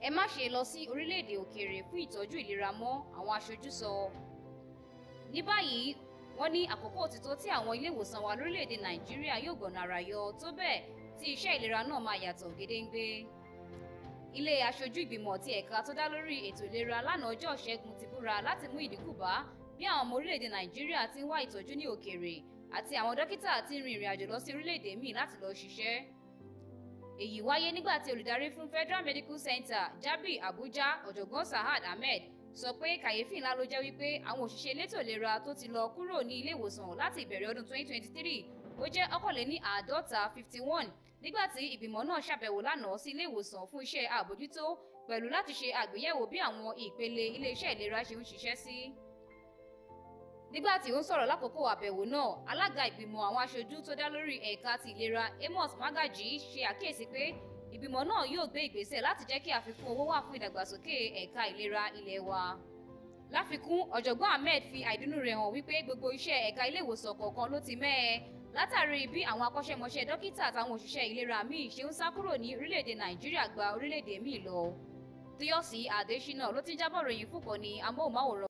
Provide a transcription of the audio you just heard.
ẹ má ṣe lọ sí orílẹ̀-èdè òkèèrè fún ìtọ́jú ìlera mọ́ àwọn aṣojú sọ. ní báyìí wọ́n ní àkókò ti tó tí àwọn ilé ìwòsàn wa lórílẹ̀-èdè nàìjíríà yóò gbọ̀nà àrà yọ tó bẹ́ẹ̀ tí iṣẹ́ ìlera náà máa yàtọ̀ gédéńgbé. ilé aṣojú ìgbìmọ̀ ti ẹ̀ka tó dá lórí ètò ìlera lánàá ọjọ́ ṣẹ́gun ti búra láti mú ìdínkù bá bí àwọn ọmọ orílẹ̀-èdè nàìjíríà ti ń wá ìtọ́jú ní òkèèrè àti àwọn dókítà ti ń rin ìrìn àjò lọ sí orílẹ̀-èdè míì láti lọ ṣiṣẹ́ èyí wáyé nígbà tí olùdarí fún Federal Medical Center Jabi Abuja ọ̀jọ̀gbọ́n Sahad Ahmed sọ pé kàyéfì ńlá ló jẹ́ wípé àwọn òṣìṣẹ́ elétò ìlera tó ti lọ kúrò ní ilé ìwòsàn láti ìbẹ̀rẹ̀ ọdún 2023 ó jẹ́ ọ̀kànléní àádọ́ta 51 nígbà tí ìgbìmọ̀ náà ṣàbẹ̀wò lánàá sí ilé ìwòsàn fún iṣẹ́ àbójútó pẹ̀lú láti ṣe àgbéyẹ̀wò bí àwọn ìpele ilé iṣẹ́ ìlera ṣe ń ṣiṣẹ́ sí nígbà tí ó ń sọ̀rọ̀ lákòókò àbẹ̀wò náà alága ìgbìmọ̀ àwọn aṣojú tó dá lórí ẹ̀ka ti ìlera Amos Magaji ṣe àkíyèsí pé ìgbìmọ̀ náà yóò gbé ìgbésẹ̀ láti jẹ́ kí àfikún owó wà fún ìdàgbàsókè ẹ̀ka ìlera ilé wa láfikún ọ̀jọ̀gbọ́n Ahmed fi àìdùnnú rẹ̀ hàn wípé gbogbo iṣẹ́ ẹ̀ka ilé ìwòsàn kọ̀ọ̀kan ló ti mẹ́ẹ̀ látàrí bí àwọn akọ́ṣẹ́mọṣẹ́ dókítà àtàwọn òṣìṣẹ́ ìlera míì ṣe ń sá kúrò ní orílẹ̀-èdè Nàìjíríà gba orílẹ̀-èdè míì lọ Tíyọ̀sí Adésínà ló ti ń jábọ̀ ròyìn fúnkọ́ ní amóhùnmáwòrán